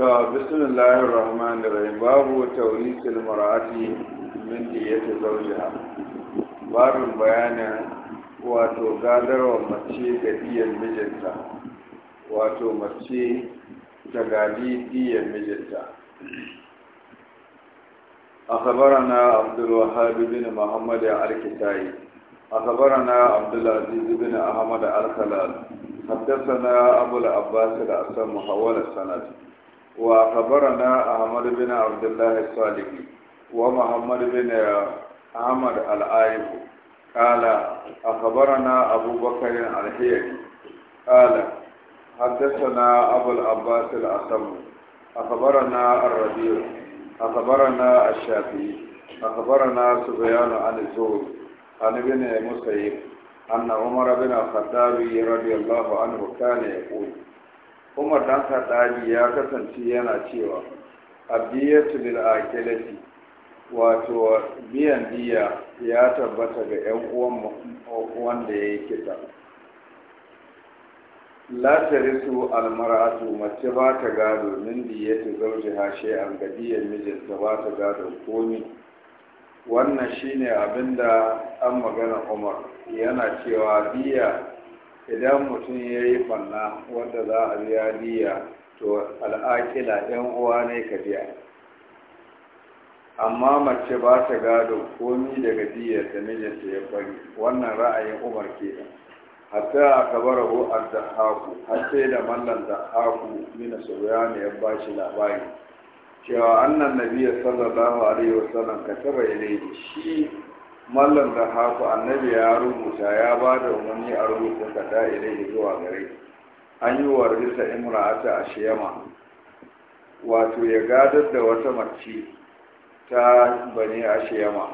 ta bismillahir rahmanir rahim babu tawlisil mar'ati min diyati zawjiha babu bayanin wato gadarwa mace ga diyan mijinta wato mace ta gadi diyan mijinta أخبرنا عبد الوهاب بن محمد الكتائي أخبرنا عبد العزيز بن أحمد الخلال حدثنا أبو العباس الأسلم حول السند وخبرنا أحمد بن عبد الله الصالح ومحمد بن أحمد العائف قال أخبرنا أبو بكر الحيري قال حدثنا أبو العباس الأسم أخبرنا الربيع أخبرنا الشافعي أخبرنا سفيان عن الزهد عن ابن مسيب أن عمر بن الخطاب رضي الله عنه كان يقول umar dan kadari ya kasance yana cewa abdiyatu bil akilati wato biyan diya ya tabbata ga yan uwan wanda ya yi kisa la tarisu almar'atu mace ba ta gado min diyati zawjiha shay'an ga diyan mijinta ba ta gado komi wannan shine abinda an magana Umar yana cewa biya. idan mutum ya yi banna wanda za a biya diya to al'akila yan uwa ne ka biya amma mace ba ta gado komi daga diyar da mijinta ya bari wannan ra'ayin umar ke da hatta a kabara ko arzahaku har sai da mallan zahaku mina sauya ne ya ba shi labari cewa annan nabiya sallallahu alaihi wasallam ka taba ne shi mallam da haku annabi ya rubuta ya ba da umarni a rubuta kada ilai zuwa gare an yi wa risa imra'ata a shiyama wato ya gadar da wata mace ta bane a shiyama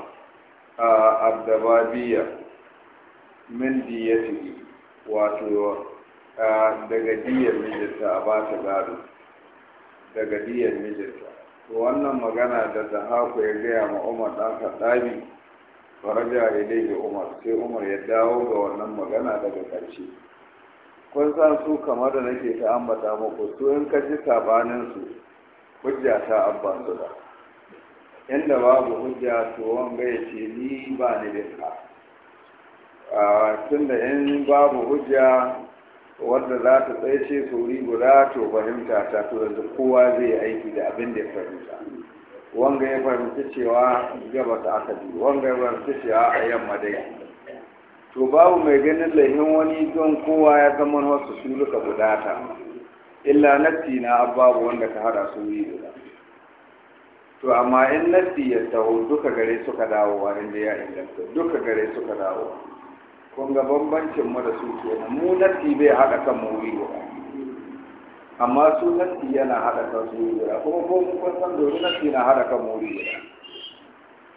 a abdababiya min diyati wato daga diyar mijinta a ba ta gado daga diyar mijinta wannan magana da zahaku ya gaya ma umar ɗan kaɗabi faraja ilaihi umar sai umar ya dawo ga wannan magana daga ƙarshe kun san su kamar da nake ta ambata muku su in ka ji sabanin su hujja ta abba su da inda babu hujja to wanga ya ce ni ba ni da ka tunda in babu hujja wadda za ta tsaye ce sauri guda to fahimta ta to yanzu kowa zai yi aiki da abin da ya fahimta wanga ya fahimci cewa ta aka bi wanga ya fahimci cewa a yamma dai to babu mai ganin lahin wani don kowa ya zama wasu su luka budata illa nafsi na babu wanda ka hada su yi guda to amma in nafsi ya taho duka gare suka dawo a inda ya inganta duka gare suka dawo. kun ga bambancin mu da su kenan mu nafsi bai haɗa kan mu wuri guda amma su nasi yana hada kan su guda kuma ko kun san domin nasi na hada kan wuri guda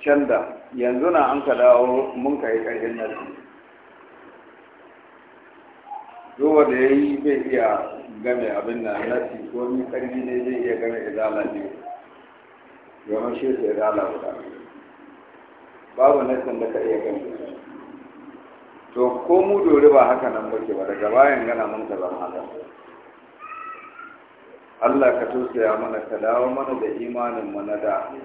can da yanzu na an ka dawo mun ka yi ƙarfin nasi zuwa da ya yi zai iya game abin na nasi ko ni ƙarfi ne zai iya game izala ne domin shi sai izala guda babu nasin da ka iya game to ko mu dori ba haka nan muke ba daga bayan gana mun ka zama haka Allah ka tausaya mana ka dawo mana da imanin mana da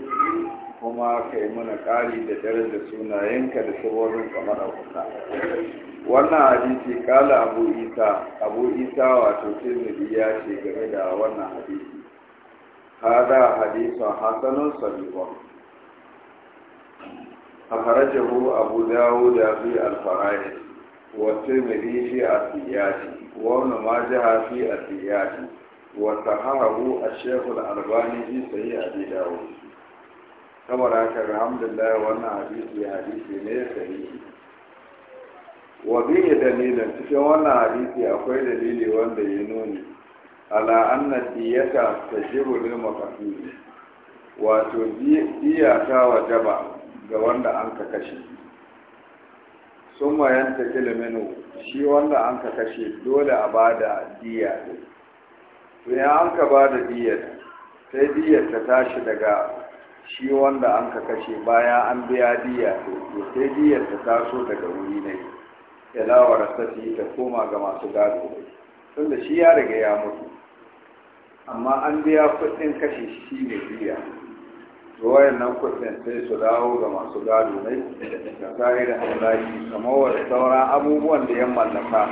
kuma ka yi mana ƙari da daraja sunayenka da saborin kamar kusa wannan hadisi kala abu isa abu isa wato tirmidhi ya ce game da wannan hadisi hada hadisun hasanun sabibon أخرجه أبو داود في a والترمذي في السياسي وابن a في السياسي وصححه الشيخ الألباني في صحيح أبي داود saboda haka alhamdulillah wannan hadisi hadisi ne sahihi wa bihi dalilin cikin wannan hadisi akwai dalili wanda ya nuni ala anna diyata tajibu lil maqsud wato diya ta wajaba ga wanda an ka kashe summa yanta kilminu shi wanda an ka kashe dole a bada diya din sai an ka ba da diyar sai diyar ta tashi daga shi wanda an ka kashe bayan an biya diya to sai diyar ta taso daga wuri ne ila warasati ta koma ga masu gado da shi ya riga ya mutu amma an biya kuɗin kashe shi ne diya ruwayan nan kudin sai su dawo ga masu gado ne da tsarin halaki kamar sauran abubuwan da ya mallaka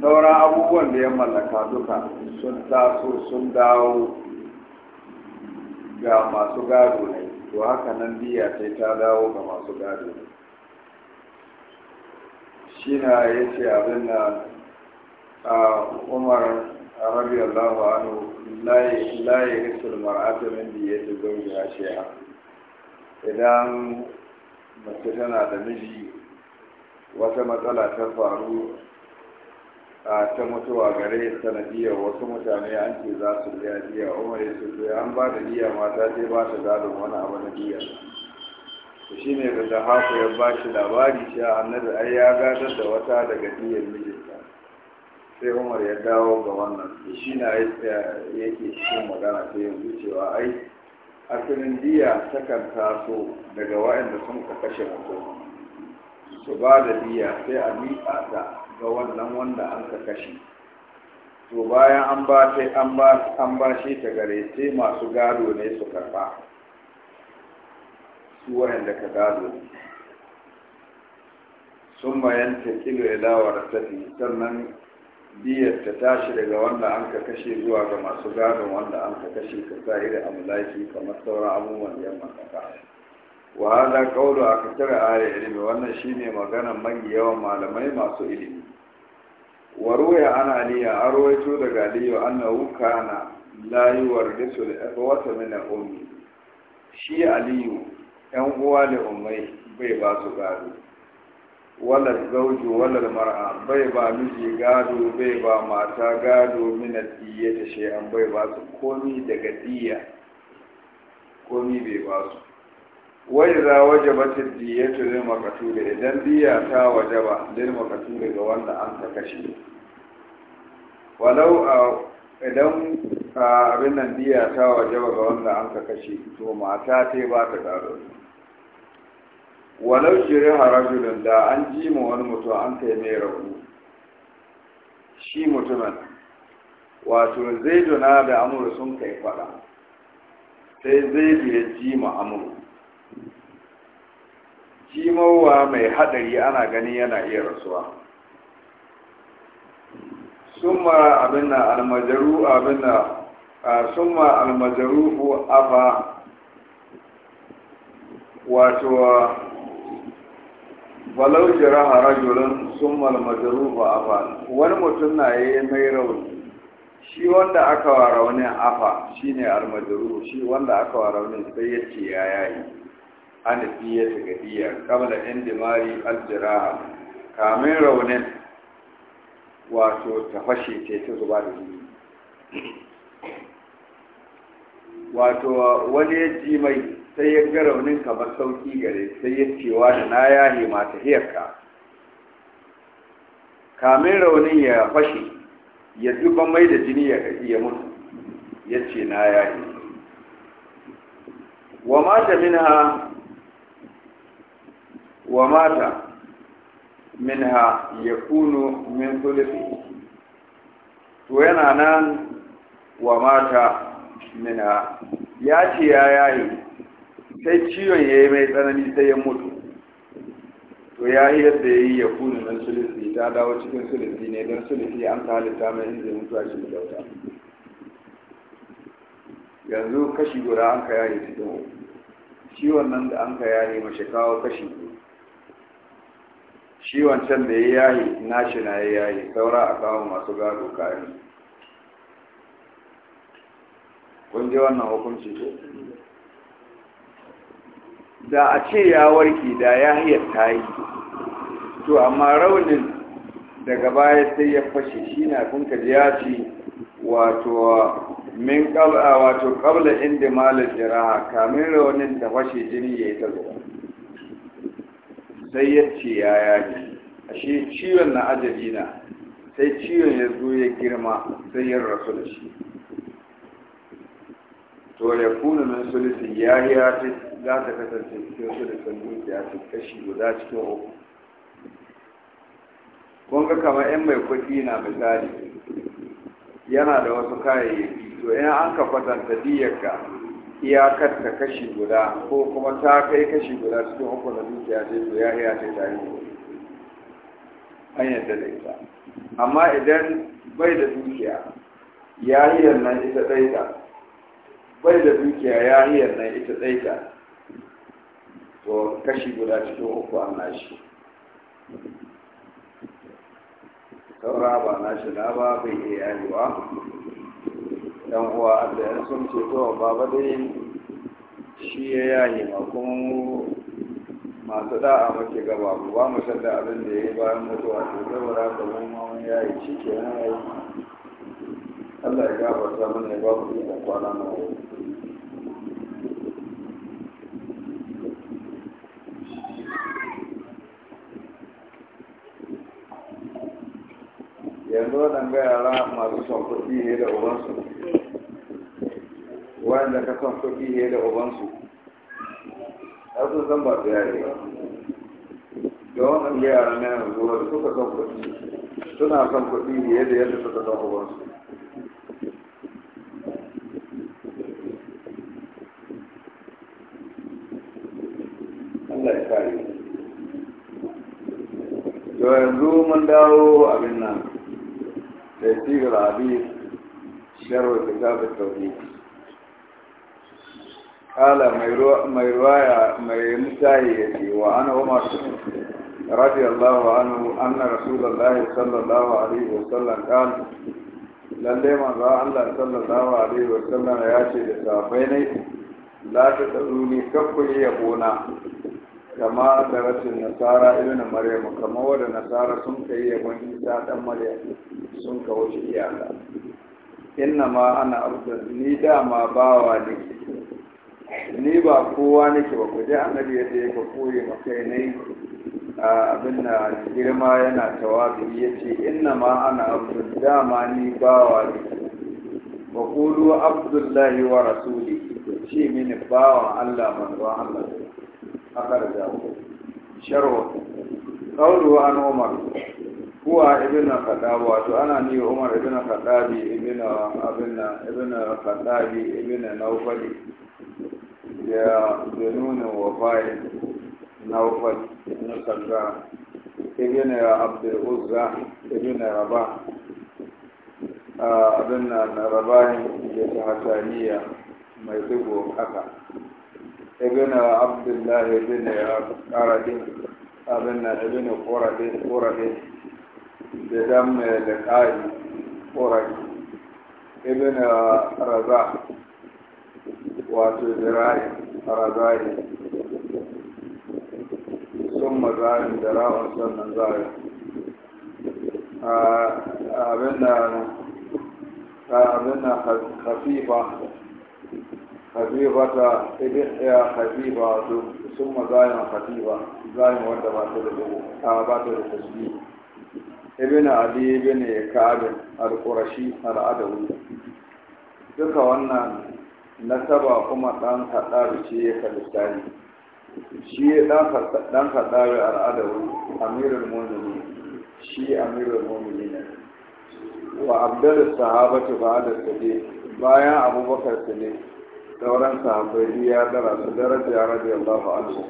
sauran abubuwan da ya mallaka duka sun taso sun dawo ga masu gado ne to haka nan biya sai ta dawo ga masu gado ne shi na ya ce abin da a umar radiyallahu anhu la ya risul ya min diyati zawjiha idan mace tana da miji wata matsala ta faru ta mutuwa gare sanadiyar wasu mutane an ce za su biya diya umar ya an ba da diya mata sai ba ta gadon wani abu na diya to shi ne da zahafu ya ba shi labari cewa annabi ai ya gadar da wata daga diyar mijinta sai umar ya dawo ga wannan da shi na yake cikin magana ta yanzu cewa ai asalin diya takan taso daga waɗanda sun ka kashe mutum su ba da diya sai a miƙa ta ga wannan wanda an ka kashe to bayan an ba shi an ba an ba shi ta gare sai masu gado ne su karba su wayanda ka gado ne sun bayan ta kilo ilawar tafi sannan biyar ta tashi daga wanda an ka kashe zuwa ga masu gado wanda an ka kashe ka sa iri amulaki kamar sauran abubuwan da yamma ka wa hada kaulu a kasar aya ilimi wannan shine maganan mafi yawan malamai masu ilimi waruwa ana aliya a rawaito daga aliyu annahu kana layuwar disul al-ikhwata min shi aliyu yan uwa da umai bai ba su gado wala gauju wala mar'a bai ba miji gado bai ba mata gado min al da shi an bai ba su komi daga komi bai ba su wai za waje batin diyatu lil maqtuli idan diya ta wajaba lil maqtuli ga wanda an ta kashe walau idan abin nan diya ta wajaba ga wanda an ka kashe to mata ta ba ta daro walau shirin harajulun da an ji ma wani mutum an kai mai rauni shi mutumin wato zaiduna da amur sun kai fada sai zai ya ji ma amur cimowa mai hadari ana ganin yana iya rasuwa summa abinna almajaru abinna summa almajaru afa wato walau jiraha rajulun summa almajaru afa wani mutum na yayi mai rauni shi wanda aka wa raunin afa shine almajaru shi wanda aka wa raunin sai ya ce ya yayi an fiye ta gadiya kabla al aljiraha kamin raunin wato ta fashe ce ta zuba da jini wato wani ya ji mai sai ya ga raunin kamar sauki gare sai ya cewa da na ya yahe mata hiyarka kamin raunin ya fashe ya zuba mai da jini ya ya mutu ya ce na yi. wa mata minha wa mata ha ya kunu min sulufi to yana nan wa mata ha ya ce ya yayi sai ciwon ya yi mai tsanani sai ya mutu to ya yi yadda ya yi ya kunu min sulufi ta dawo cikin sulufi ne don sulufi an ta halitta mai inda a shi kyauta yanzu kashi guda an ka yayi cikin ciwon nan da an ka yayi mashi kawo kashi guda shi wancan da ya yayi nashi na ya yayi saura a kawo masu gado kayan kun ji wannan hukunci ko da a ce ya warke da ya hiyar ta yi to amma raunin daga baya sai ya fashe shi na kun kaji ya ce wato min kabla wato kabla inda malin jiraha kamin raunin da fashe jini ya yi ta zuwa sai ya ce ya yaki ashe ciwon na ajali na sai ciwon ya zo ya girma sai ya rasu da shi to ya kuna min sulisi ya yi ya ce za ta kasance cikin sulisin dukiya ta kashi guda cikin uku kun ga kamar yan mai kuɗi na misali yana da wasu kayayyaki to in an ka kwatanta ka iyakar ta kashi guda ko kuma ta kai kashi guda cikin uku na dukiya ce to ya ya ce ta yi an yadda da ita amma idan bai da dukiya ya yi nan ita ɗaita bai da dukiya ya yi nan ita ɗaita to kashi guda cikin uku an nashi saura ba nashi na ba bai iya yayewa dan uwa Allah ya sun ce to baba dai shi ya yi ma kuma mu masu da'a muke gaba mu ba mu san da abin da ya yi bayan mutuwa to saboda haka mun ma mun yayi shi ke nan ai Allah ya gafarta mana ya ba mu da kwana na wani yanzu waɗanda yara masu son kuɗi ne da ubansu wanda ka son kuɗi ne da ubansu har sun san ba su yare ba don an yara na yanzu wani suka son kuɗi suna son kuɗi ne da yadda suka son ubansu Allah ya kare to yanzu mun dawo abin nan da sigar hadis sharwa kitab at-tauhid kala mai ruwaya mai mutahi ya ce wa umar رضي الله عنه أن رسول الله صلى الله عليه وسلم قال lalle manzo Allah sallallahu alaihi wa sallam ya ce da safai ne la ta tsaruni kakkuri ya bona kama da rashin nasara ibn maryam kama wanda nasara sun kai yabon isa dan maryam sun iyaka inna ma ana abdu ni dama bawa ne ni ba kowa nake ba ku je yadda ya ce ka koyi makai ne abin na girma yana tawabi ya ce inna ma ana abdul dama ni bawa ne wa kulu abdullahi wa rasuli ce mini bawan allah zuwa allah haka da jawo sharwa Kauru an umar kuwa ibn khattab wato ana ni umar ibn khattabi ibn abin ibn khattabi ibn nawfali da nuna wafayin a na sanda ibn abdul uzza ibn rabah abin na rabahin da ta mai dubo haka ibn abdullahi ibn qaradin abin na ibn qaradin qaradin da dam da qari qaradin ibn razah wato zira'i razari sun mazarin da ra'un sannan zari abin na hafifa hafifa ta idiyya hafifa wato sun mazarin hafifa zarin wanda ba ta da dubu Ta ba ta da tasiri. ibn ali ibn ka'ab al-qurashi al-adawi duka wannan Na saba kuma ɗan haɗari ce ya kalista ne shi ɗan haɗari al'adar amirin mummuni shi amirin mummuni ne wa abdul sahabatu ba da sadiq bayan abubakar ne, sauran sahabbai ya dara su daraja radiyallahu anhu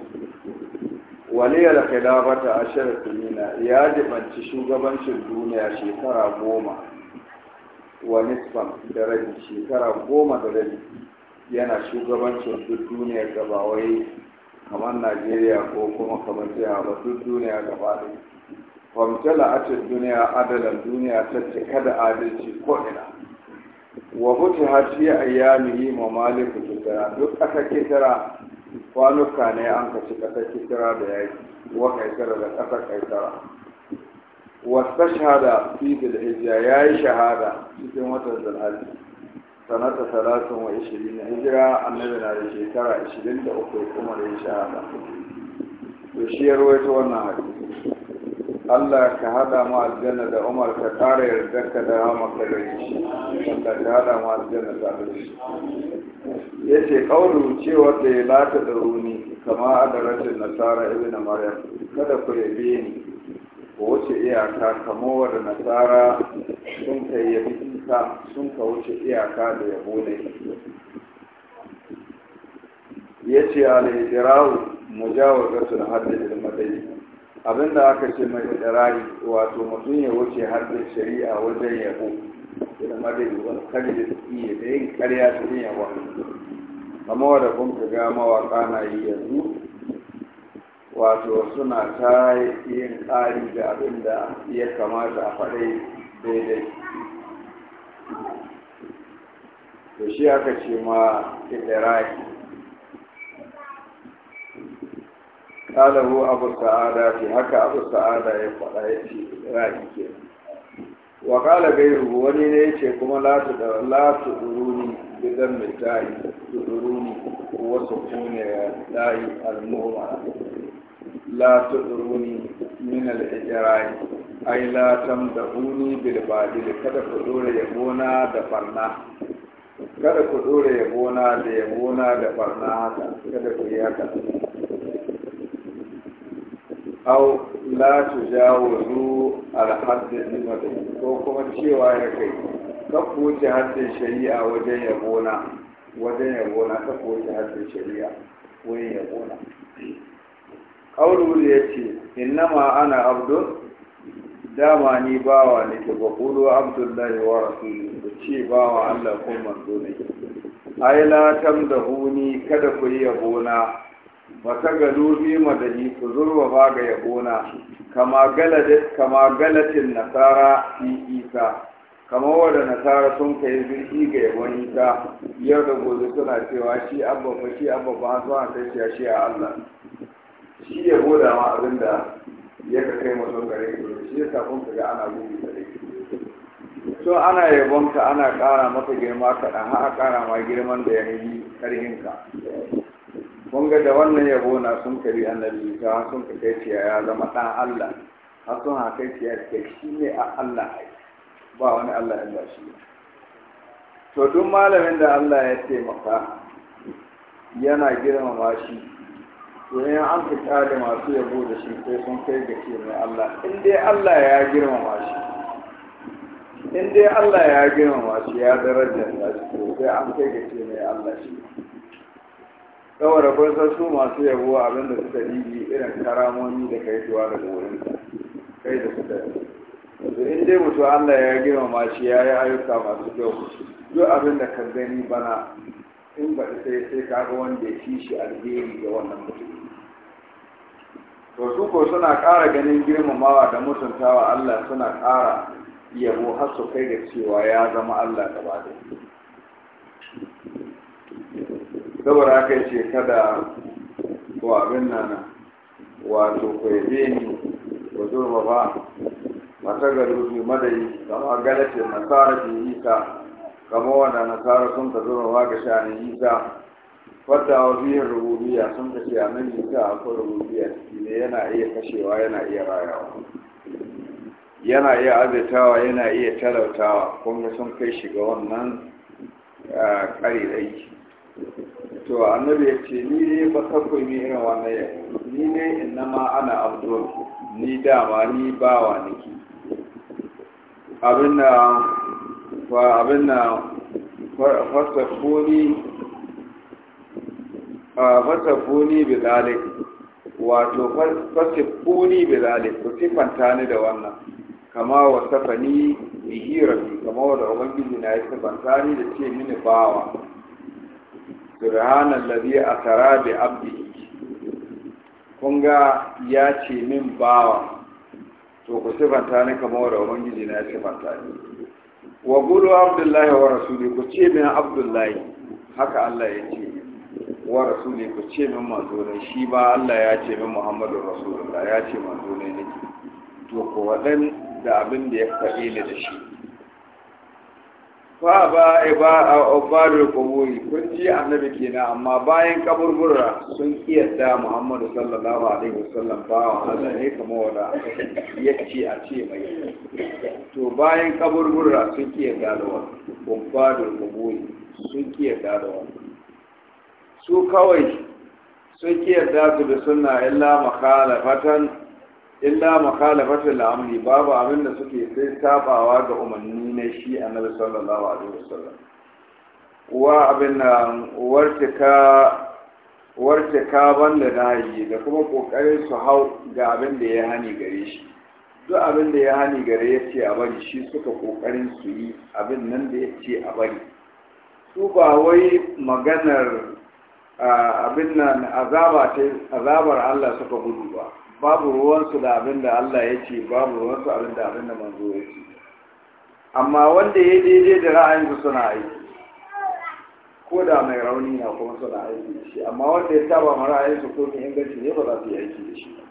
waliyar a ashirar tunina ya jibanci shugabancin duniya shekara goma wa nisfan da rabi shekara goma da rabi yana shugabancin duk duniya da ba wai kamar najeriya ko kuma kamar jiya ba duk duniya gaba ɗaya famtala a cikin duniya adalan duniya ta cika da adalci ko ina wa mutu hati a yi ma maliku kitara duk aka kitara kwanuka ne an ka ci ƙasa kitara da yi, wa kaisara da ƙasa kaisara wasu shahada fi bilhijja ya yi shahada cikin watan zalhaji sanata talatin wa ishirin na hijira annabi na da shekara ishirin da uku da ya shahada to shi ya rawaito wannan hadisi Allah ka hada mu aljanna da Umar ka kare yarda ka da maka da shi ka hada mu aljanna da shi yace kaulu cewa da ya lata da runi kama adaratin nasara ibn maryam kada ku yabe ni ko wace iyaka kamar da nasara sun kai yabi laifuka sun ka wuce iyaka da yabo ne ya ce al'ijirawu mujawar gasar haddadin madai abinda aka ce mai ijirari wato mutum ya wuce haddin shari'a wajen yabo da madai wani kalli da iya da yin karya cikin yabo amma da kun ka ga mawaka na yi yanzu wato suna ta yin ƙari da abinda ya kamata a faɗai daidai to shi aka ce ma idiraki ƙalahu abu sa'ada ce haka abu sa'ada ya faɗa ya ce idiraki ke wa ƙala gairu wani ne ya ce kuma latu da latu duruni bidan mai tayi duruni wasu kune layi al-muhammad la tuduruni min al-ijrai ai la tamdahuni bil badil kada ku dore yabona da farna kada ku dore yabona da yabona da barna haka kada ku yi haka au la tujawazu alhadd limati ko kuma cewa ya kai ka ku wuce haddin shari'a wajen yabona wajen yabona kan ku wuce haddin shari'a wajen yabona kaulu ya ce innama ana abdun dama ni bawa ne ke bakulu abdullahi wa rasulu ku ce bawa Allah ko manzo ne ai la tam da huni kada ku yi yabona ba ta gado da madani ku zurwa ba ga yabona kama kama galatin nasara fi isa kama wanda nasara sun kai zirgi ga yabon isa yau da gobe suna cewa shi abba fa shi abba ba su an kai shi a Allah shi yabo da ma abinda ya ka kai mutum gare ka shi ya sabon ka ga ana gudu da rai so ana yabon ka ana ƙara maka girma kaɗan har a ƙara ma girman da ya yi ka kun ga da wannan yabo na sun kari annabi ka sun ka kai ciya ya zama ɗan Allah har sun ha kai ciya ke shi ne a Allah ba wani Allah in shi to duk malamin da Allah ya taimaka yana girmama shi to an fita da masu yabo da shi sai sun kai ga ce mai Allah in dai Allah ya girmama shi in dai Allah ya girmama shi ya daraja da shi sai an kai ga ce mai Allah shi saboda kun san su masu yabo abin da suka dibi irin karamomi da kai zuwa daga wurin kai da suka yanzu in dai mutu Allah ya girmama shi ya yi ayyuka masu kyau duk abin da ka gani bana in ba sai sai ka ga wanda ya fi shi alheri ga wannan mutum to su ko suna ƙara ganin girmamawa da mutuntawa Allah suna ƙara yabo har su kai da cewa ya zama Allah gaba da saboda haka ce kada ko abin nan wato ku yabe ni ku zurba ba mata ga rubi madari kama galatin nasara ke isa kama wanda nasara sun ka zurba ga sha'anin isa wadda wa biyan rububiya sun ka ce annabi isa akwai rububiya ne yana iya kashewa yana iya rayawa yana iya azaitawa yana iya talautawa kuma sun kai shi ga wannan ƙarirai to annabi ya ce ni ne ba kakwai ni irin wannan ya ni ne ma ana abdul ni dama ni bawa niki abin na abin na fasafoni fasafuni bi zalik wato fasafuni bi zalik ku sifanta ni da wannan kama wasafa ni bihi rabbi kama wanda ubangiji na ya sifanta ni da ce mini bawa subhanan ladhi asara bi abdi kun ga ya ce min bawa to ku sifanta ni kama wanda ubangiji na ya sifanta ni wa qulu abdullahi wa rasuli ku ce min abdullahi haka Allah ya ce wa rasuli ku ce min manzo ne shi ba Allah ya ce min Muhammadu Rasulullah ya ce manzo ne nake to ko wadan da abin da ya faɗi ne da shi fa ba iba a ubaru kuburi kun ji annabi kenan amma bayan kaburbura sun kiyarda Muhammadu sallallahu alaihi wasallam ba Allah ne kamar wanda ce a ce mai to bayan kaburbura sun kiyarda da wannan ubaru kuburi sun kiyarda da wannan su kawai sun yarda su da suna illa makhalafatan illa makhalafatan al'amri babu abin da suke sai sabawa ga umarni na shi annabi sallallahu alaihi wasallam wa abin nan wartika wartika banda nayi da kuma kokarin su hau ga abin da ya hani gare shi duk abin da ya hani gare ya ce a bari shi suka kokarin su yi abin nan da ya ce a bari su ba wai maganar abin nan azaba azabar Allah suka gudu ba babu ruwansu da abin da Allah ya ce babu ruwansu abin da abin da manzo ya ce amma wanda ya daidai da ra'ayinsu suna aiki ko da mai rauni na kuma suna aiki da shi amma wanda ya saba ma ra'ayinsu ko mai inganci ne ba za su yi aiki da shi ba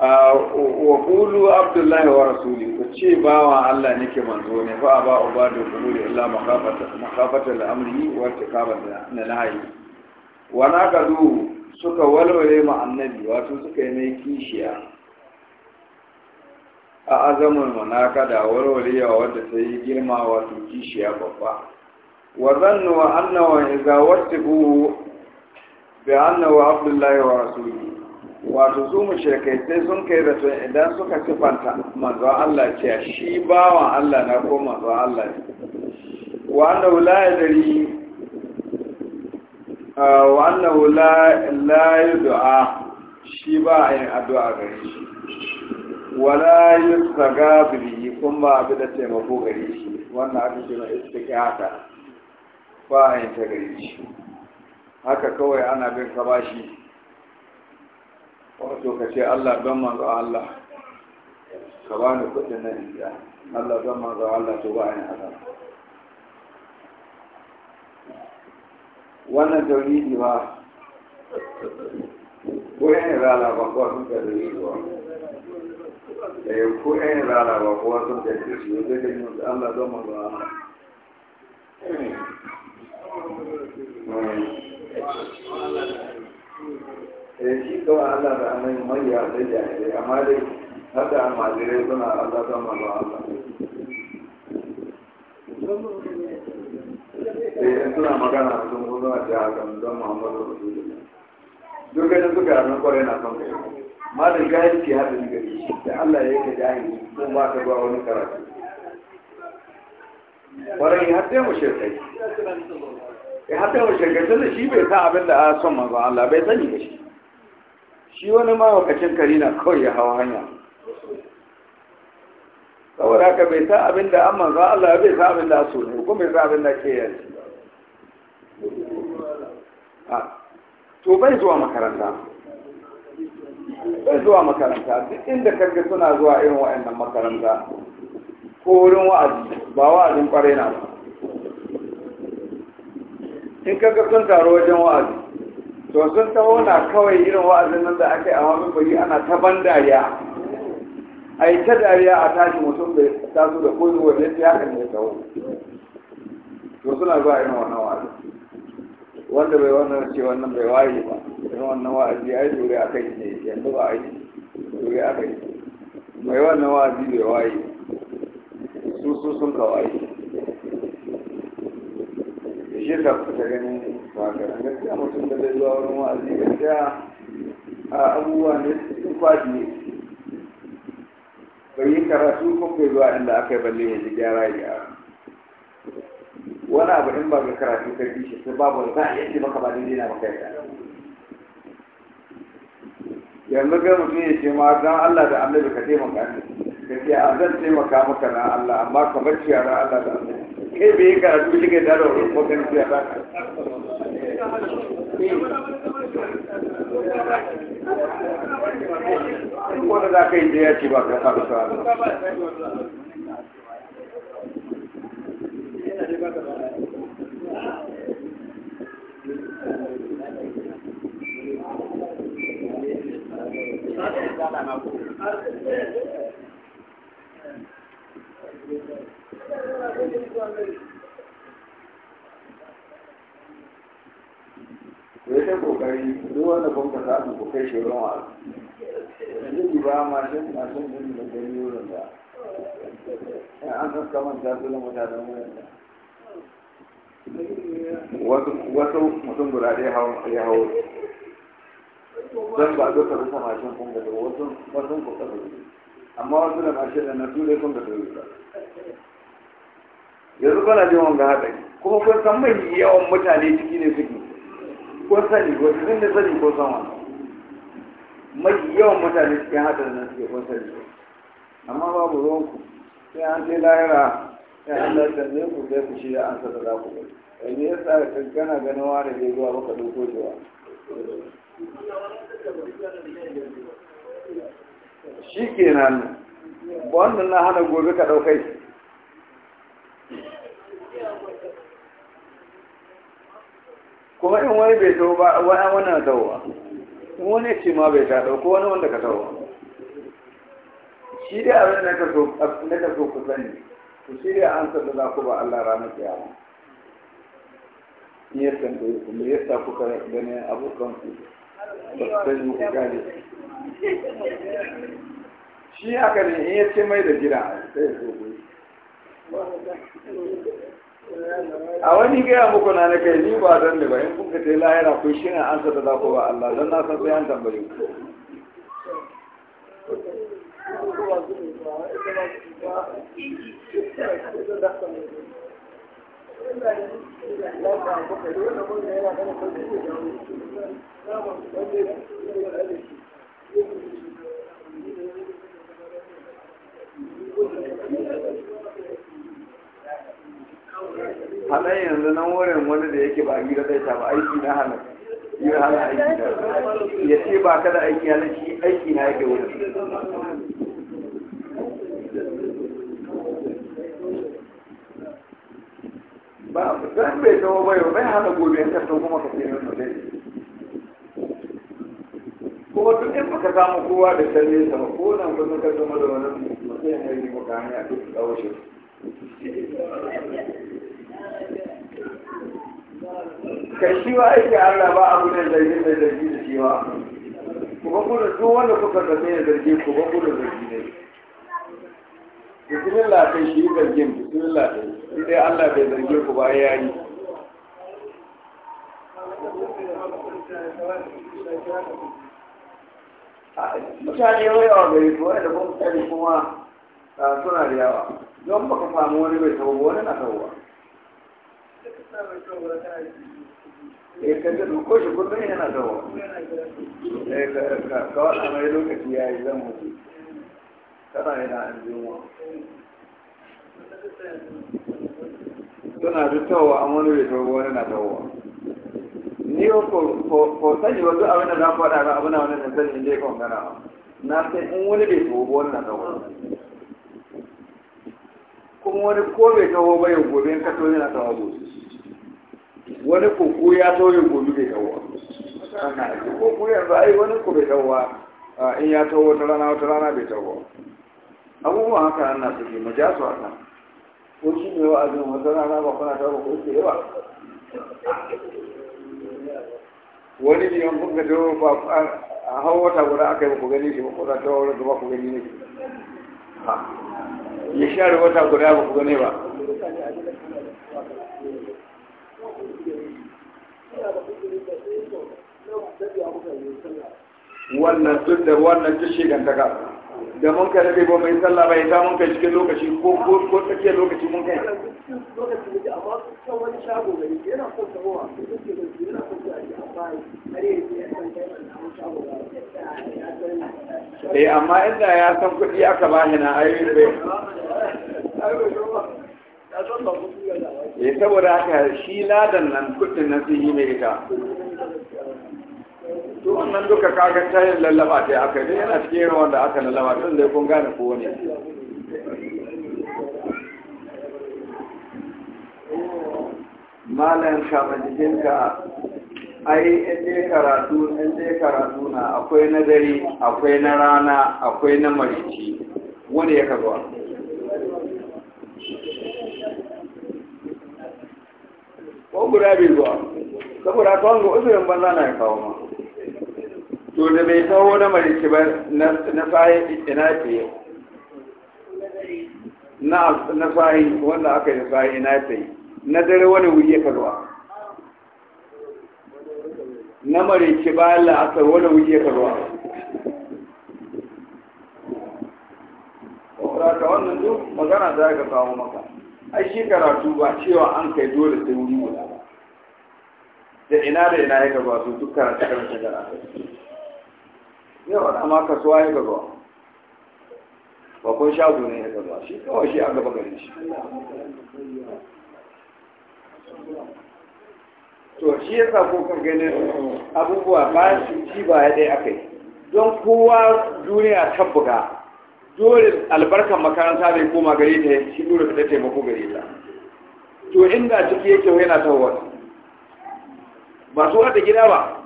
wa qulu abdullahi wa rasuli ku ce bawa Allah nake manzo ne fa ba ubadu qulu illa makhafata makhafata al-amri wa tikabata nalahi wa naqadu suka walwale ma annabi wato suka yi mai kishiya a azamin manaka da yawa wadda ta yi girma wato kishiya babba wa zannu wa annawa idza wattibu bi annahu abdullahi wa rasuli wato su mushrikai sai sun kai da sun idan suka sifanta manzon Allah a shi bawan Allah na ko manzon Allah ne wanda annahu ya dari wanda wula la la yud'a shi ba yin addu'a gare shi wala yusaga kun ba abu da taimako gare shi wannan na ce ke haka, ba yin ta gare shi haka kawai ana bin ka bashi wato ka ce Allah don manzo Allah ka ba ni kudi na jiya Allah don manzo Allah to ba ni azaba wannan tauhidi ba ko yan rala ba ko sun ka da ba eh ko yan rala ba ko sun ka da yiwa da yin Allah don manzo Allah Thank hmm. you. Hmm. Eh, shi kawai Allah da annan manya da jahilai amma dai har hada amajirai suna Allah ta mazo Allah sai eh, suna magana sun zo zuwa da hakan don Muhammadu Rasulullah duk ganin suka nan kwarai na son kai malam jahil ke hada ni gari da Allah ya yake jahili ko ba ka ba wani karatu kwarai har dai mu shirkai eh har dai mu shirkai tunda shi bai san abin da a son manzo Allah bai sani ba shi shi wani mawakacin kari na kawai ya hawa hanya saboda haka bai sa abin da an manzan Allah bai sa abin da a ne ko bai sa abin da ke yanci to bai zuwa makaranta bai zuwa makaranta duk inda kaga suna zuwa irin wa'annan makaranta ko wurin wa'azi ba wa'azin kwarai na ba in kaga sun taro wajen wa'azi to sun taho na kawai irin wa'azin nan da aka yi a wani bari ana ta ban dariya a yi ta dariya a tashi mutum da taso da ko zuwa ne ta yakan ne taho to suna zuwa irin wannan wa'azi wanda bai wannan ce wannan bai waye ba irin wannan wa'azi ai dore a kai ne yanzu ba a yi dore aka yi mai wannan wa'azi bai waye su su sun kawai waye shi ka ganin gaskiya mutum da zai zuwa wani wa'azi gaskiya a abubuwa ne sun kwaji ne bai yi karatu ko bai zuwa inda aka yi balle ya ji gyara ya wani abu in ba ga karatu ka bi shi sai babu za a iya ce maka ba daidai na maka yadda yanzu ga mutum ya ce ma don Allah da annabi ka taimaka ni gaskiya a zan taimaka maka na Allah amma kamar ciyara Allah da annabi kai bai yi karatu shi kai dada wurin kokarin siya ba wanda za da ya ce ba ka sa ba za su ku kai shirin wa yanzu ba ma shi na son yin da gani wurin da yan an san kamar ta su da mutanen wurin da wasu mutum guda ɗaya ya hau zan ba duka rufe mashin kun da wasu wasu ku kasa amma wasu da mashin da na dole kun da dole ba yanzu kana jin wanga haɗari kuma kun san mai yawan mutane ciki ne suke ko sani ko sun da sani ko sama. mai yawan mutane cikin hadarin nan suke kun amma babu ruwanku sai an sai lahira sai an lantarki ku sai ku shirya an sata za ku bari yanzu eh, ya sa ka gana ganin wani zai zuwa baka doko cewa shi kenan wannan na hana gobe ka ɗaukai kuma in wani bai tau ba wani wannan tau ba wani ce ma bai ta ko wani wanda ka tawo shi dai abin da na ka so ku sani ku shi dai an sanda za ku ba Allah ranar kiyama in ya san da ku me yasa kuka ganin abokan ku ba su sani ku gane shi haka ne in ya ce mai da gida sai ya so ku a wani gaya muku na nake ni ba zan da ba in ta ka tai lahira ku shi ne an sata za ku ba Allah don na san sai an tambayi ku Thank you. haɗa yanzu nan wurin wani da yake ba gida zai ta ba aiki na hana yi hana aiki da ya ce ba ka da aiki hana shi aiki na yake wurin ba zan bai ba yau, bai hana gobe ya tawo kuma ka ce yanzu dai kuma duk in baka samu kowa da sarri sama ko nan kusa ka zama da wani mutum ya yi maka hanya duk tsawo shi Ka shi wa aiki Allah ba abu ne zargi mai zargi da shi ba ku ba gudu duk wanda kuka da mai zargi ku ba da zargi ne bismillah kai shi zargin bismillah kai in dai Allah bai zargi ku ba ya yi mutane yawa gari yi wanda kuma mutane ah, kuma suna da yawa don baka samu wani bai tabo wani na tabo eh ka ga ko shi kullum yana dawo eh ka ka wala mai lokaci yayi zan mutu kana yana an jinwa suna fitowa an wani bai togo wani na tawowa ni ko sani wasu abin da za ku faɗa ga abin da wani na sani inda ya kan na san in wani bai togo wani na tawowa kuma wani ko bai tawo ba yau gobe in ka tawo yana tawo gobe wani kuku ya tauye gobe kuku ya za a yi wani ko bai dawowa in ya tawo wata rana wata rana bai tawo abubuwan haka an na suke mu su haka ko shi ne wa'azin wata rana ba kuna tawo ko ke yawa wani ne yan kuka tawo ba a hau wata guda aka yi ku gani shi ba kuka ta wani ba ku gani ne ya share wata guda ba ku gani ba wannan duk da wannan duk da mun kai rabe ba mai sallah bai ta mun kai cikin lokaci ko ko ko tsakiyar lokaci mun kai eh amma inda ya san kuɗi aka bani na ayi bai eh saboda haka shi ladan nan kudin nan sun yi mai ita to wannan duka kaga tayin lallaba ta aka dai yana cikin yawan da aka lallaba tun da kun gane ko ne malam ka ai in dai karatu in dai karatu na akwai na dare akwai na rana akwai na marici wani ya kaga guda bai zuwa saboda ta ga uzurin banza na ya kawo ma to da bai kawo na mariki ba na sahi ina ce na sahi wanda aka yi sahi ina ce na dare wani wuri ka zuwa na mariki ba aka wani wuri ka zuwa saboda wannan duk magana za ka kawo maka ai shi karatu ba cewa an kai dole sai wuri guda da ina da ina ya gaba su duk karanta karanta da aka yau ana ma kasuwa ya gaba ba kun sha ne ya gaba shi kawai shi an gaba gari shi to shi ya sa kuka ganin abubuwa ba su ci ba ya ɗaya aka yi don kowa duniya ta buga dole albarkar makaranta bai koma gari ta yi, shi dole ta taimako gari ta to inda ciki yake yana ta wasu. Masu su wata gida ba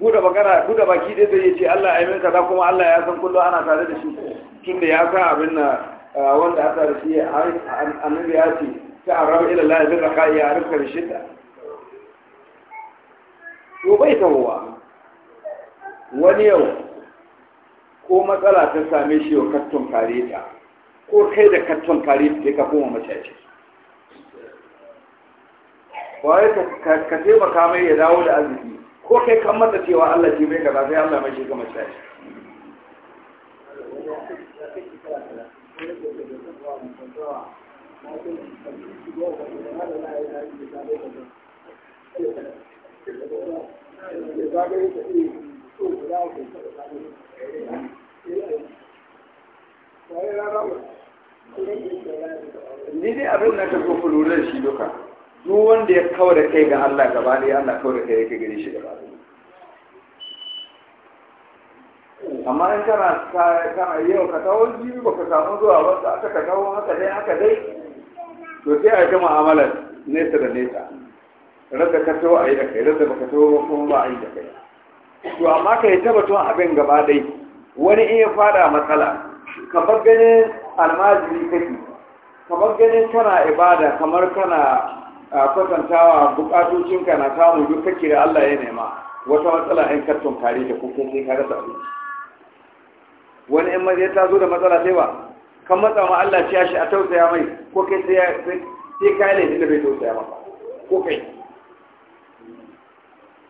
buɗe magana buɗe baki dai zai ce Allah ya min kaza kuma Allah ya san kullum ana tare da shi tun da ya sa abin na wanda aka da shi annabi ya ce ta arab ila Allah bi raka ya arifka da shidda to bai tawowa wani yau ko matsala ta same shi yau katton kare ta ko kai da katton kare ta ka koma mace ce waye ka taimaka mai ya dawo da arziki ko kai kan mata cewa Allah ce mai gaba sai Allah mai shi kamar shi ni dai abin na ta kofin lura shi duka duk wanda ya kawo da kai ga Allah gaba ɗaya Allah kawo da kai yake gare shi gaba ɗaya amma in kana kana yau ka kawo jini ba ka samu zuwa wasu aka ka kawo haka dai haka dai to sai a ga ta mu'amalar nesa da nesa rasa ka tawo a yi da kai rasa ba ka tawo ba kuma ba a yi da kai to amma ka yi tabbatun abin gaba dai wani in ya fada matsala kamar ganin almajiri kake kamar ganin kana ibada kamar kana a kwatantawa bukatocinka na samu duk kake da Allah ya nema wata matsala in ka tunkare da ko kai ka rasa abin wani in mazai ta zo da matsala sai ba kan matsa ma Allah ciya shi a tausaya mai ko kai sai sai kai ne da bai tausaya ba ko kai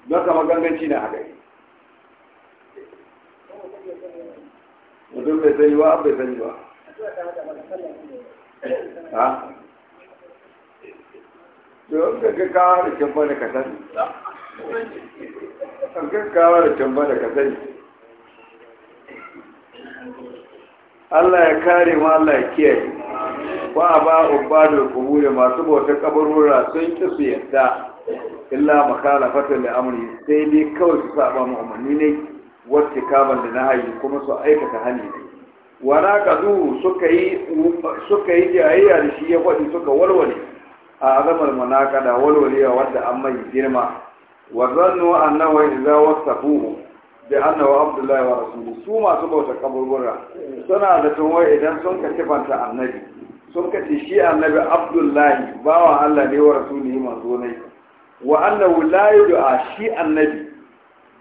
don kama ganganci na haka mutum bai sani ba bai sani ba Allah ya kare ma Allah ya kiyaye wa ba ubadul masu bauta kabarura sun ki su yadda illa makhalafatan da amri sai dai kawai su saba mu umarni ne wacce kaban da nahayi kuma su aikata hali ne wana suka yi suka yi jayayya da shi ya faɗi suka walwale. a azamar munakada walwalewa wadda an mai girma wa zannu annahu idza wasafuhu bi annahu abdullahi wa rasuluhu su masu bauta kaburbura suna da tunwa idan sun ka tifanta annabi sun ka shi annabi abdullahi bawa Allah ne wa rasulihi manzo ne wa annahu la yud'a shi annabi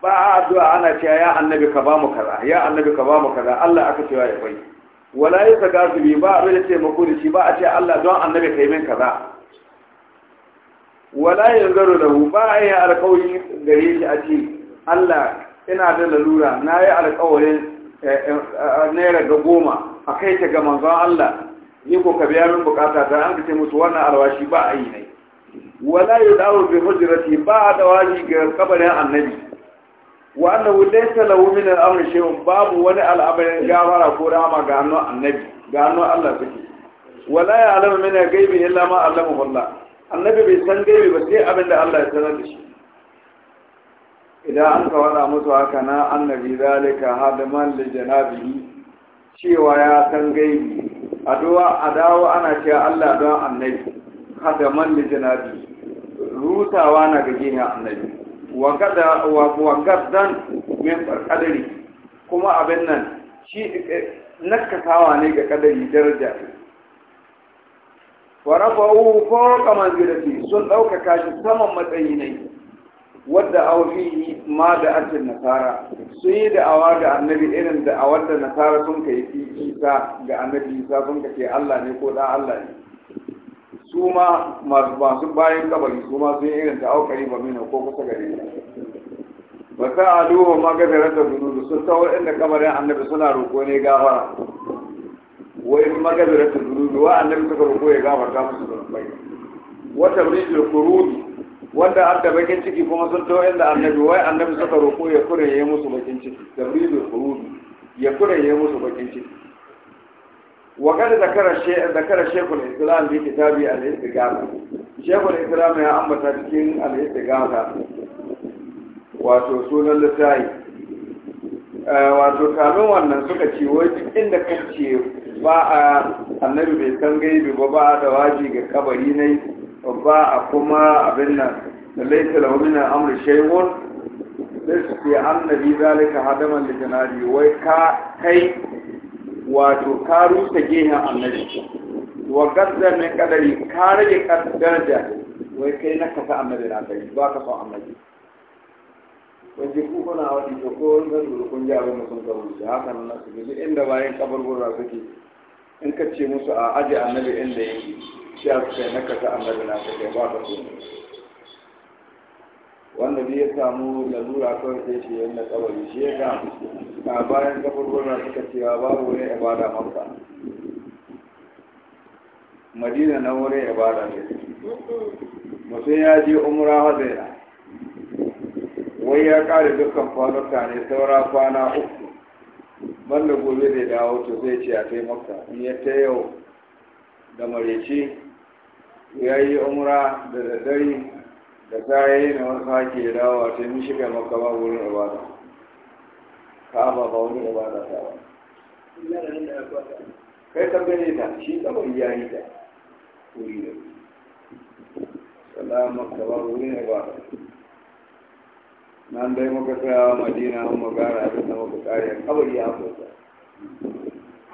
ba a addu'a ana cewa ya annabi ka bamu kaza ya annabi ka bamu kaza Allah aka cewa ya bai wala yaka gasu bi ba abin da taimako da shi ba a ce Allah don annabi ka yi min kaza wala ya zaro da ba a yi alkawari gare shi a ce Allah ina da lalura na yi alkawarin eh, eh, eh, naira ga goma a kai ta ga manzon Allah ni ko ka biya min bukata ta an kace musu wannan alwashi ba a yi ne wala dawo bi hujrati ba da waji ga kabarin annabi wa annahu laysa lahu min al-amri shay'un babu wani al'amarin gawara ko rahama ga annabi ga Allah take wala ya'lamu min al-ghaibi illa ma 'allamahu Allah annabi bai san gaibi ba sai abin da Allah ya sanar da shi idan an ka wada musu haka na annabi zalika hadman li janabihi cewa ya san gaibi a a dawo ana cewa Allah don annabi hadman li janabihi rutawa na ga gehen annabi wa kada wa gaddan min kadari kuma abin nan shi eh, nakkatawa ne ga kadari daraja wa rafa'u fawqa manzilati sun ɗaukaka kashi saman matsayi ne wadda auhihi ma da atin nasara sun yi da'awa ga annabi irin da da'awar da nasara sun kai fi isa ga annabi isa sun kace Allah ne ko da Allah ne su ma masu bayan kabari su ma sun yi irin ta aukari ba mina ko kusa gare ni ba sa aluhu ma ga da rata zunubi sun tawo inda kabarin annabi suna roƙo ne gafara wai magazirar ta zunubi wa annabi suka roƙo ya gafarta musu zunubai wata da kurubi wanda an bakin ciki kuma sun to inda annabi wai annabi suka roƙo ya ya musu bakin ciki da da kurubi ya kureye musu bakin ciki wa kad zakara shay zakara shaykhul islam bi kitabi al-istighatha shaykhul islam ya ambata cikin al-istighatha wato sunan litai eh, wato kamin wannan suka ce wai duk inda kace ba a annabi bai san gaibi ba ba a da waji ga kabari ne ba a kuma abin nan da laisa lahu min al-amr shay'un laysa annabi zalika hadaman li janari wai ka kai wato ka rusa gehen annabi wa gaddar min kadari ka rage kaddar da wai kai na kasa annabi na kai ba ka son annabi wace ku kuna wani ko kun ga kun ji abin da sun kawo haka nan na su inda bayan kabar gura suke in ka ce musu a aji annabi inda yake shi a kai na kasa annabi na ta kai ba ta so wanda bai ya samu lalura kawai sai shi yana tsawari shi ya ga a bayan kafafuwa suka cewa babu ba ibada mafa madina na wurin ibada ne mutum ya je umra hazaina wai ya kare dukkan kwanuka ne saura kwana uku banda gobe zai dawo to zai ce a kai makka in ya ta yau da marece ya yi umra da daddare da yi na wasu haƙi ya dawo a taimun shiga makka ba wurin ibada ka ba ba wani ibada ta ba kai ka gane ta shi kawai ya yi ta wuri da salama makka ba wurin ibada nan dai muka tsaya madina mun gara abin da muka kare kabari ya kusa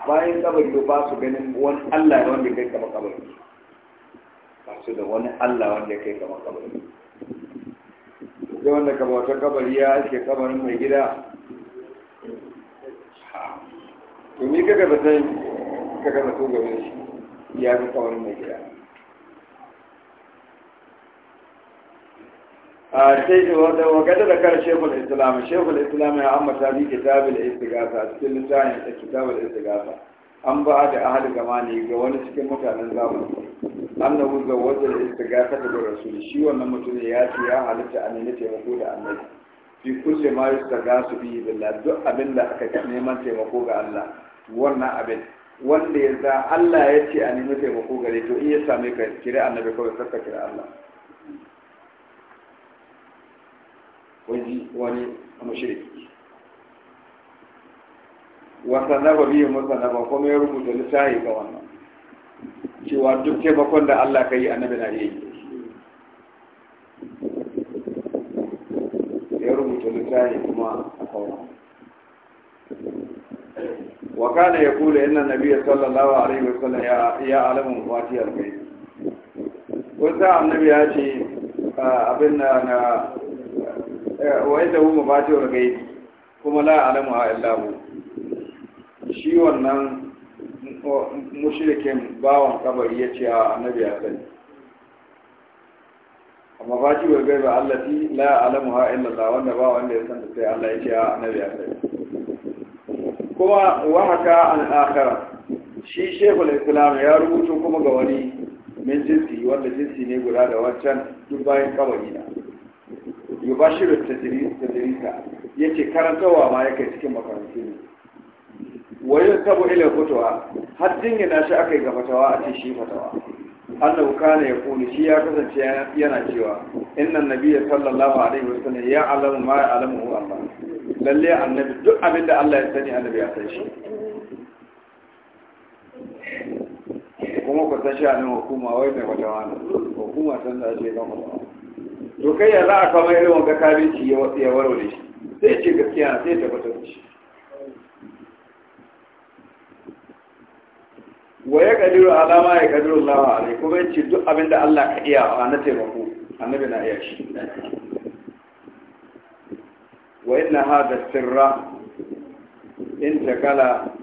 bayan kabari ba su ganin wani Allah wanda kai kama kabari ba su da wani Allah wanda kai kama kabari sai wanda ka bauta kabari ya ake kabarin mai gida to ni kaga ba sai kaga ba to gaban shi ya ga kabarin mai gida sai wa gada da kar shekul islam shekul islam ya amma ta bi kitabul istighatha cikin littafin da kitabul istighatha an ba da ahli gamani ga wani cikin mutanen zamani annahu zawwaja al-istighatha da rasul shi wannan mutum ya ce ya halitta annabi taimako da annabi fi kulli ma yastaghasu bi billah duk abin da aka neman taimako ga Allah wannan abin wanda ya za Allah ya ce a nemi taimako gare to in ya same ka kira annabi kawai sarka kira Allah wani wani wasa na ba biyu ba, kuma ya rubuta littafi ga wannan cewa duk taimakon da Allah ka yi annabi na yi ya rubuta littafi kuma a kawo wa kana ya kula inna nabiyya sallallahu alaihi wasallam ya ya alamun fatiyar kai wata annabi ya ce ah, abin na wa inda hu mafatihul ghaibi kuma la alamu a illahu shi wannan mushrikin bawan kabari ya ce a annabi ya sani amma fati ba gaiba fi la alamu ha illallah wanda ba wanda ya da sai Allah ya ce a annabi ya sani kuma wa haka an akhara shi shekul islam ya rubuto kuma ga wani min jinsi wanda jinsi ne guda da wancan duk bayan kabari na ya ba shi tajirisa ya ce karantarwa ma ya kai cikin makarantu ne wajen tabo ilin fitowa har jingina shi aka yi ga fatawa a ce shi fatawa annabu ne ya kuni shi ya kasance yana cewa innan nabiyya sallallahu alaihi wasallam ya alamu ma ya alamu Allah lalle annabi duk abin da Allah ya sani annabi ya san shi kuma ku san a nan hukuma wai mai fatawa ne. hukuma san da ake zama to ya za a kama irin wanga kabinci ya warware shi sai ce gaskiya sai tabbatar da shi wa ya kadiru alama ya kadiru lawa ne kuma ya ce duk abinda Allah ka iya a na taimako annabi na iya shi wa inna hada sirra in takala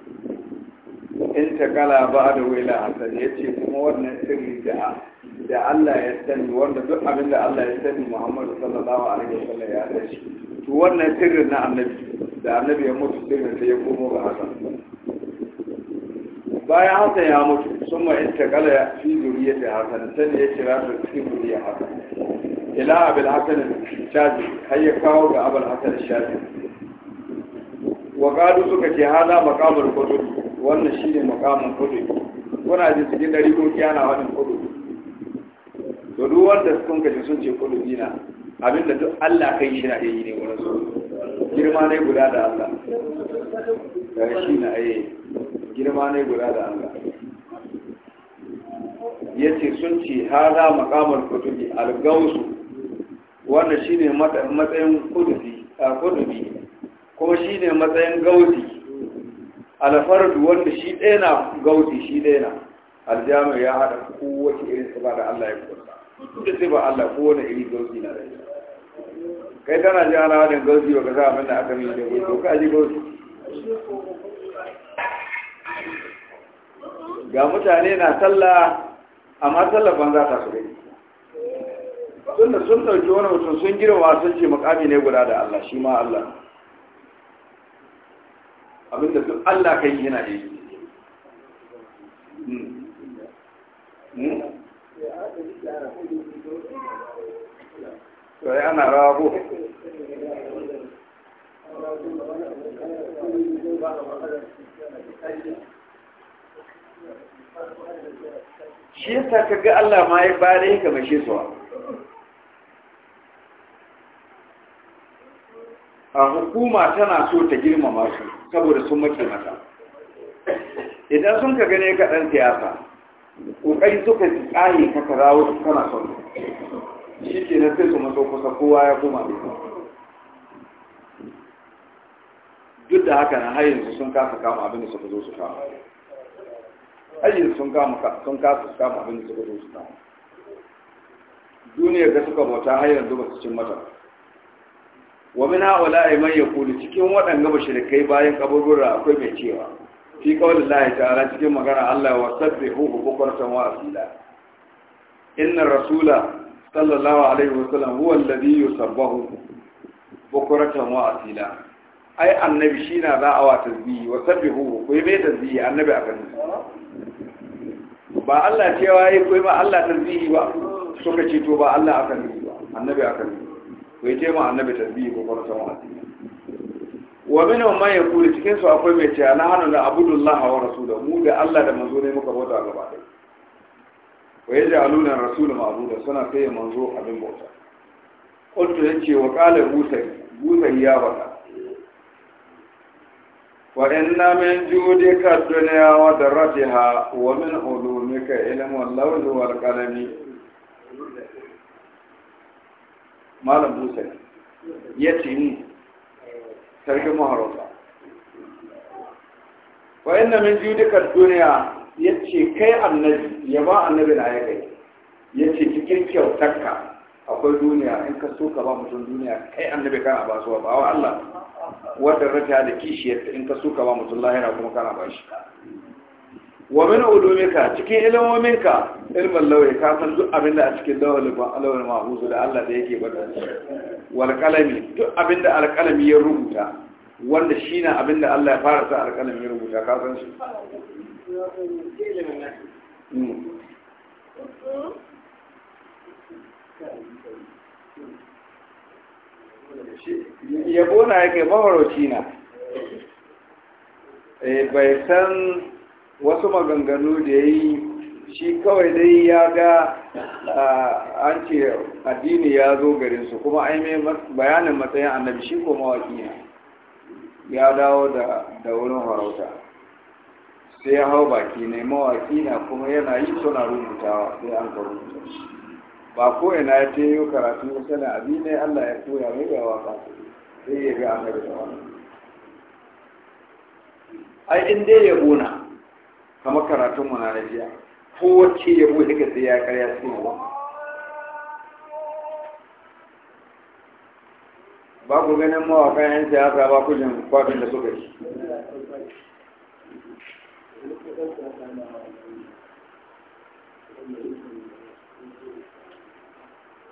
in takala ba da wila ya ce kuma wannan sirri da da Allah ya sani wanda duk abin da Allah ya sani Muhammadu sallallahu alaihi wa sallam ya sani to wannan sirrin na annabi da annabi ya mutu sirrin sai ya komo ga Hassan bayan Hassan ya mutu sun ma intakala fi zuriyati Hassan sai ya kira su cikin zuriyar Hassan ila abul Hassan shaji har ya kawo ga abul Hassan shaji wa kadu suka ce hada maqamul qudud wannan shine maqamul qudud kuna ji cikin dari ko kiyana wannan qudud to duk wanda sun kace sun ce kulubi na abinda duk Allah kai shi na iya yi ne wurin su girma ne guda da Allah da shi na iya girma ne guda da Allah ce sun ce hada maqamul kutubi al-gausu wanda shine matsayin kudubi ko shi ko shine matsayin gausi al wanda shi ɗaya na gausi shi ɗaya na aljami ya hada kowace irin ba da Allah ya kusa duk sai ba Allah ko wani iri gausi na da ita kai tana ji ana wadin gausi ba ka sa abin da aka yi da gausi ka ji gausi ga mutane na sallah amma sallah za ta su gani tun da sun ɗauki wani mutum sun girma sun ce makami ne guda da Allah shi ma Allah abinda duk Allah kai yana yi hmm. Hmm? to ana rawa shi yasa ka ga Allah ma ya da yaka mashi suwa a hukuma tana so ta girmama su saboda sun maki mata idan sun ka gane ka ɗan siyasa ƙoƙari suka tsaye ka karawo kana son shi ke na sai su maso kusa kowa ya koma da duk da haka na hayin sun kasa kama abin da suka zo su kama hayin sun kama sun kasa su kama abin da suka zo su kama duniyar da suka bauta har yanzu ba su cin mata wa min haula ay man yaqulu cikin waɗanda kai bayan kaburura akwai mai cewa fi qawli Allah ta'ala cikin magana Allah wa sabbihu bukratan wa asila inna rasula sallallahu alaihi wasallam huwa alladhi yusabbahu bukuratan wa asila ai annabi shi na za a wa tasbihi wa sabbihu ko yi mai tasbihi annabi a kan ba Allah cewa yi ko ba Allah tasbihi ba suka ce to ba Allah a kan ba annabi a kan ko yi ce ma annabi tasbihi bukuratan wa asila wa min man yakulu cikin su akwai mai cewa na hanu da abudullah wa rasulahu mu da Allah da manzo ne muka bauta gaba ɗaya wa ya ji alunan rasulun ma'abuda suna kai manzo abin bauta ƙultu ya ce wa ƙalar busari ya faɗa wa inna min judika duniya wa darratiha wa min ulumika ilmul ilimin wal qalam malam busari yace ni sarkin maharauta wa inna min judika duniya ya ce kai annabi ya ba annabi na ya kai ya ce cikin kyautarka akwai duniya in ka so ka ba mutum duniya kai annabi kana ba su ba wa Allah wadda rata da kishiyarta in ka so ka ba mutum lahira kuma kana ba shi wa min ulumika cikin ilmominka ilmin lauyi ka san duk abin da a cikin lawal ma mahfuzu da Allah da yake bada wal qalami duk abin da alqalami ya rubuta wanda shine abin da Allah ya fara sa alkalami ya rubuta ka san shi yabo na yake mawarauci na eh, bai san wasu maganganu da ya yi shi kawai dai ya ga an ce addini ya zo garinsu kuma ai bayanin matsayin annabi shi ko mawaki ya dawo da wurin harauta sai ya hau baki ne mawaki na kuma yana yi suna rubutawa sai an ka rubuta ba ko ina ya ce yau karatu ya sani abi ne Allah ya koya mai ga waka sai ya ga annabi da wani ai in dai ya bona kamar karatun mu na jiya ko wacce ya bude ka sai ya karya sai ya ba ku ganin mawaka yan siyasa ba ku jin kwafin da suka yi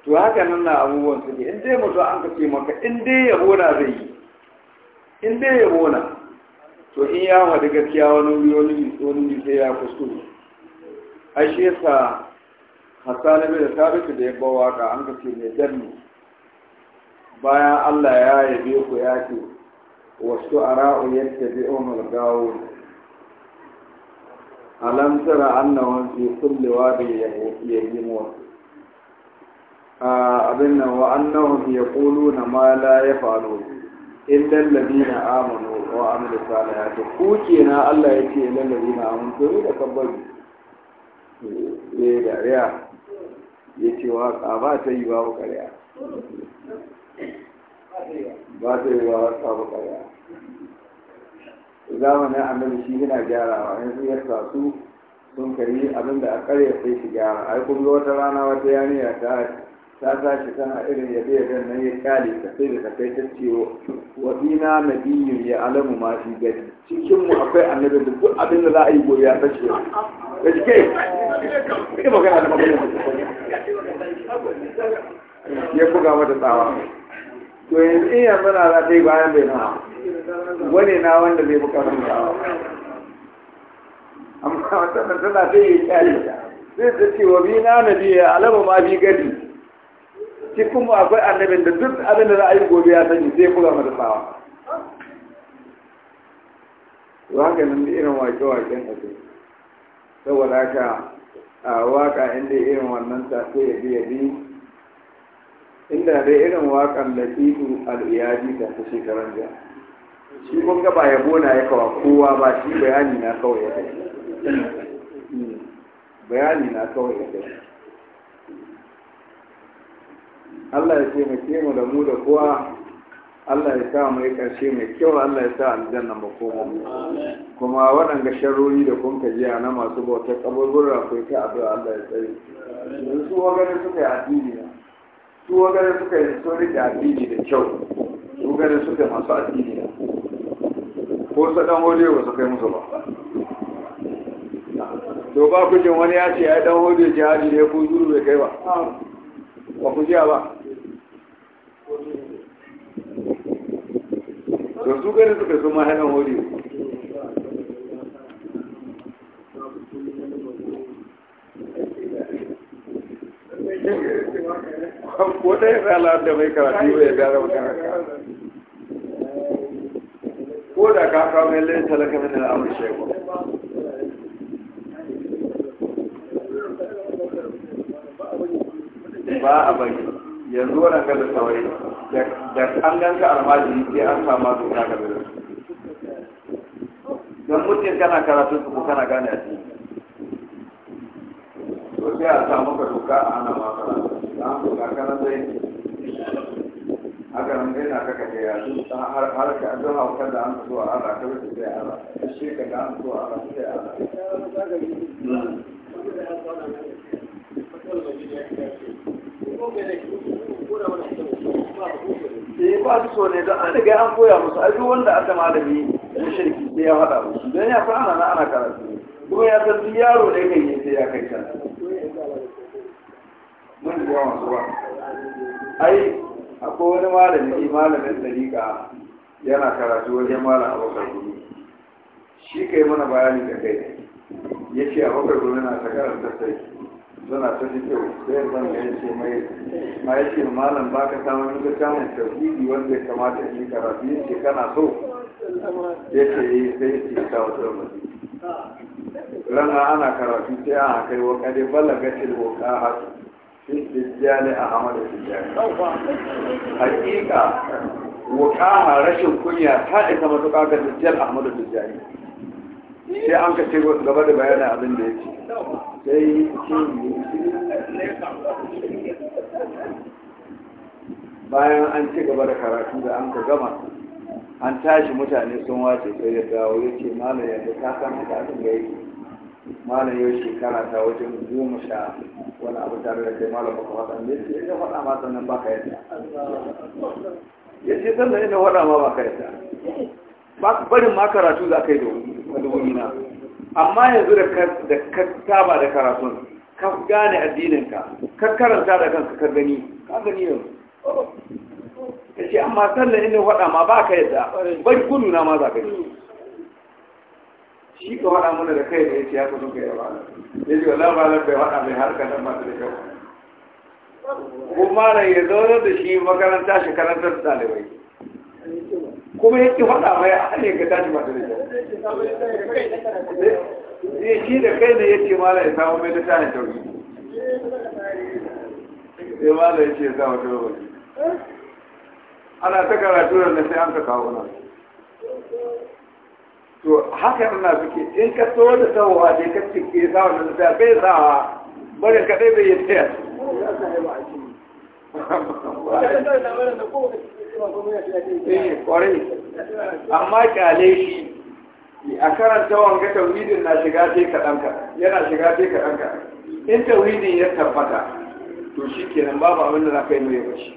to haka nan na abubuwan suke in dai mutu an ka ce maka in dai yabo na zai yi in dai yabo na to in ya wada gaskiya wani wuri wani wuri sai ya kuskure ai shi yasa hasali bai da sabitu da ya bawa ka an ka ce mai danne bayan Allah ya yabe ku ya ce wasu ara'u yadda bi'un umar gawo alam tara annahum fi kulli wadi yahimun abin nan wa annahum yaquluna ma la yafalu illa alladhina amanu wa amilu salihati ku Allah yace illa alladhina amanu to da kabbari ne da riya yace wa ka ba ta yi ba ba ta yi ba ta zamanin annabi shi yana gyarawa yanzu ya sa su sun kari abin da a karya sai shi gyara ai kun ga wata rana wata yaniya ta ta shi tana irin yabe yaben nan ya kyale ta sai da kai ta ce wa ina nabiyyun ya alamu ma fi gari cikin mu akwai annabi da duk abin da za a yi gobe ya tashi ya ji kai kai ga da magana ya buga mata tsawa to yanzu in yanzu na za ta yi bayan bai na wane na wanda zai buka rantawa amma wannan tana sai ya kyale zai ta ce wa bina na biya alama ma bi gadi shi kuma akwai annabin da duk abin da za a yi gobe ya sani zai kula mata sawa to haka nan da irin wake-waken a ce saboda haka a waka inda irin wannan ta ce ya biya ya bi inda dai irin wakan da titu al'iyaji ta ta shekaran jiya shi kun gaba ya bona ya kawa kowa ba shi bayani na kawai ya kai bayani na kawai ya kai Allah ya taimake mu da mu da kowa Allah ya sa mu yi mai kyau Allah ya sa aljanna mu koma kuma waɗanda sharori da kun ka jiya na masu bauta kaburbura ku ta addu'a Allah ya tsare su su wagare suka yi addini su wagare suka yi historic addini da kyau su wagare suka masu addini ko su dan ba su kai musu ba to ba ku jin wani ya ce ya dan hodiyo jihadi ne ko zuru bai kai ba ba ku jiya ba to su gari suka su ma hannun hodiyo ko ɗaya tsala da mai karatu ya gara ko da ka kawo mai lai talaka min al'amur shaiku ba a bari yanzu wannan gada saurayi da an ganka almajiri sai an sama su ta gaba da su don mutum kana karatun su kana gane a cikin to sai a samu ka doka a ana ma karatu da an doka kana zai haka nan dai na kaka da yasu har har ka an zuwa kan da an zuwa Allah ka wuce sai Allah shi ka da an zuwa Allah sai Allah Eh ba su so ne don an riga an koya musu a duk wanda aka malami na shirki sai ya faɗa musu don ya fara ana ana karatu kuma ya san duk yaro ne kan yi sai ya kai can. Mun ji yawan su ba. Ai akwai wani malami malamin dariƙa yana karatu wajen malam abokan gudu shi kai mana bayani da kai ya ce abokan gudu na ta karanta sai suna ta ji kyau sai zan ga ce mai ma ce malam ba ka samu duka samun tauhidi wanda ya kamata ni karatu yace kana so yace yi eh, sai ya ce ta wata rana ana karatu sai a kai wa kade balaga tilwa ka hasu. Tijjani a Ahmadu Tijjani. Hakika wukaha rashin kunya ta isa matuƙa ga Tijjani Ahmadu Tijjani. Sai an ka ce gaba da bayanin abin da ya ce. Sai yi cikin Bayan an ci gaba da karatu da an ka gama an tashi mutane sun wace sai ya dawo ya ce malam ta san haka da yake. malam yau shekara ta wajen goma sha wani abu tare da kai malam baka faɗa ne sai ya faɗa ma sannan baka yadda ya ce sannan ina faɗa ma baka yadda barin ma karatu za ka yi da wani na amma yanzu da ka taba da karatun ka gane addininka ka karanta da kanka ka gani ka gani yau ya ce amma sannan ina faɗa ma baka yadda bari gudu na ma za ka yi shi ka faɗa mana da kai da yake ya fi suka yi ba ya ce wallah malam bai faɗa mai harka nan ba da kyau kuma da ya zaune da shi makaranta shi karantar da ɗalibai kuma yake faɗa mai a hanyar ga tashi masu da kyau eh, shi da kai ne yake mala ya samu mai da tashi tauri sai eh, mala ya ce ya samu tauri ana ta karatu da sai an ka kawo nan to haka na suke in ka so da sauwa ne ka cike sa wani da bai sa ka kadai bai yi tsaye eh, amma kyale shi a karanta ga tawhidin na shiga sai kaɗan yana shiga sai kaɗan in tawhidin ya tabbata to shi kenan babu abin da za ka yi mai bashi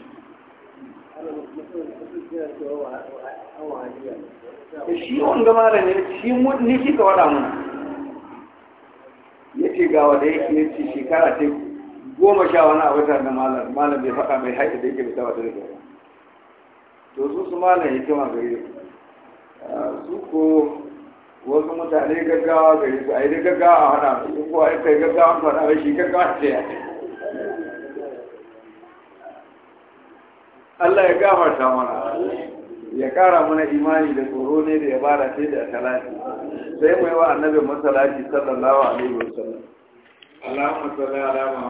shi wanda ne shi ni kika wada mun ya ce ga da yake ya ce shekara ta goma sha wani a wata da malam malam bai faɗa mai haƙi da yake bai taɓa da da to su su malam ya kima gare su ah, ko wasu mutane gaggawa gari su a yi gaggawa a hana su ko a yi kai gaggawa a hana shi gaggawa ce ya Allah ya gafarta mana. ya kara mana imani da tsoro ne da ya bara sai da salati sai mai wa annabi masalaci sallallahu alaihi wasallam Allahumma salli ala